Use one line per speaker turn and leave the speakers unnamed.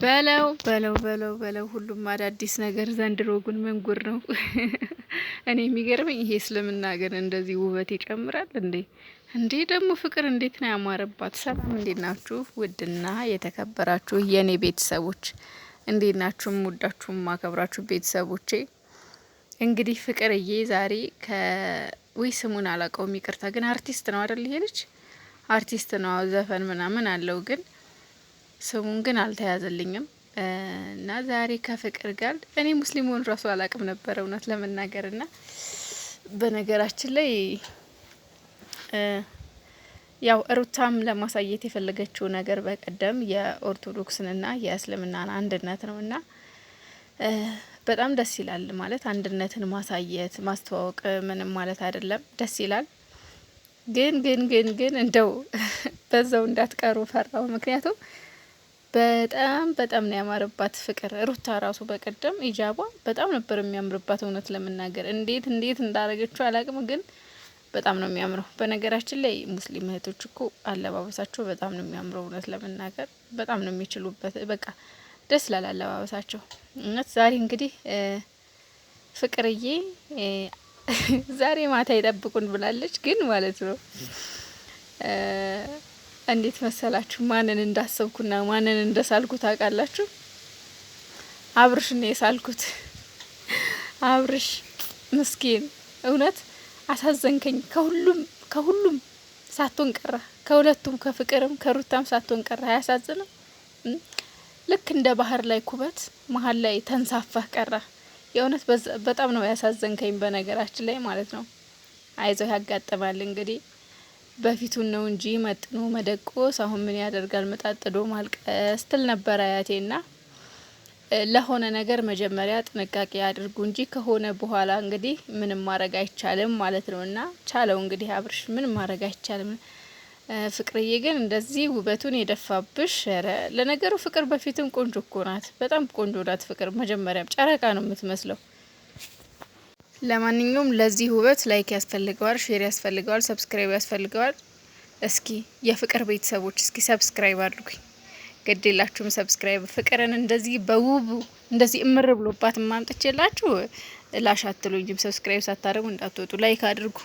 በለው በለው በለው በለው ሁሉም አዳዲስ ነገር ዘንድሮ ጉን መንጉር ነው? እኔ የሚገርመኝ ይሄ እስልምና ግን እንደዚህ ውበት ይጨምራል እንዴ! እንዴ ደግሞ ፍቅር እንዴት ነው ያማረባት። ሰላም እንዴት ናችሁ? ውድና የተከበራችሁ የእኔ ቤተሰቦች እንዴት ናችሁም ውዳችሁም ማከብራችሁ ቤተሰቦቼ እንግዲህ ፍቅርዬ ዛሬ ወይ ስሙን አላውቀውም ይቅርታ። ግን አርቲስት ነው አይደል? ይሄ ልጅ አርቲስት ነው፣ ዘፈን ምናምን አለው ግን ስሙን ግን አልተያዘልኝም። እና ዛሬ ከፍቅር ጋር እኔ ሙስሊሙን ራሱ አላቅም ነበረ እውነት ለመናገር ና በነገራችን ላይ ያው ሩታም ለማሳየት የፈለገችው ነገር በቀደም የኦርቶዶክስንና የእስልምናን አንድነት ነው እና በጣም ደስ ይላል። ማለት አንድነትን ማሳየት ማስተዋወቅ ምንም ማለት አይደለም፣ ደስ ይላል። ግን ግን ግን ግን እንደው በዛው እንዳትቀሩ ፈራው። ምክንያቱም በጣም በጣም ነው ያማረባት ፍቅር። ሩታ ራሱ በቀደም ኢጃቧ በጣም ነበር የሚያምርባት። እውነት ለመናገር እንዴት እንዴት እንዳረገችው አላቅም፣ ግን በጣም ነው የሚያምረው። በነገራችን ላይ ሙስሊም እህቶች እኮ አለባበሳቸው በጣም ነው የሚያምረው። እውነት ለመናገር በጣም ነው የሚችሉበት። በቃ ደስ ላል አለባበሳቸው። እውነት ዛሬ እንግዲህ ፍቅርዬ ዛሬ ማታ ይጠብቁን ብላለች፣ ግን ማለት ነው እንዴት መሰላችሁ? ማንን እንዳሰብኩና ማንን እንደሳልኩት አውቃላችሁ? አብርሽ ነው የሳልኩት። አብርሽ ምስኪን፣ እውነት አሳዘንከኝ። ከሁሉም ከሁሉም ሳትሆን ቀራ፣ ከሁለቱም ከፍቅርም ከሩታም ሳትሆን ቀራ። አያሳዝንም? ልክ እንደ ባህር ላይ ኩበት መሀል ላይ ተንሳፋህ ቀራ። የእውነት በጣም ነው ያሳዘንከኝ። በነገራችን ላይ ማለት ነው። አይዞህ ያጋጥማል እንግዲህ በፊቱን ነው እንጂ መጥኖ መደቆስ አሁን ምን ያደርጋል መጣጥዶ ማልቀስ ትል ነበር ና ለሆነ ነገር መጀመሪያ ጥንቃቄ አድርጉ እንጂ ከሆነ በኋላ እንግዲህ ምንም ማድረግ አይቻልም ማለት ነው። እና ቻለው እንግዲህ አብርሽ ምንም ማድረግ አይቻልም። ፍቅርዬ ግን እንደዚህ ውበቱን የደፋብሽ። ረ ለነገሩ ፍቅር በፊትም ቆንጆ እኮ ናት፣ በጣም ቆንጆ ናት ፍቅር። መጀመሪያም ጨረቃ ነው የምትመስለው። ለማንኛውም ለዚህ ውበት ላይክ ያስፈልገዋል፣ ሼር ያስፈልገዋል፣ ሰብስክራይብ ያስፈልገዋል። እስኪ የፍቅር ቤተሰቦች እስኪ ሰብስክራይብ አድርጉኝ። ግዴላችሁም ሰብስክራይብ። ፍቅርን እንደዚህ በውቡ እንደዚህ እምር ብሎባት ማምጥቼላችሁ ላሽ አትሉኝም። ሰብስክራይብ ሳታደርጉ እንዳትወጡ። ላይክ አድርጉ።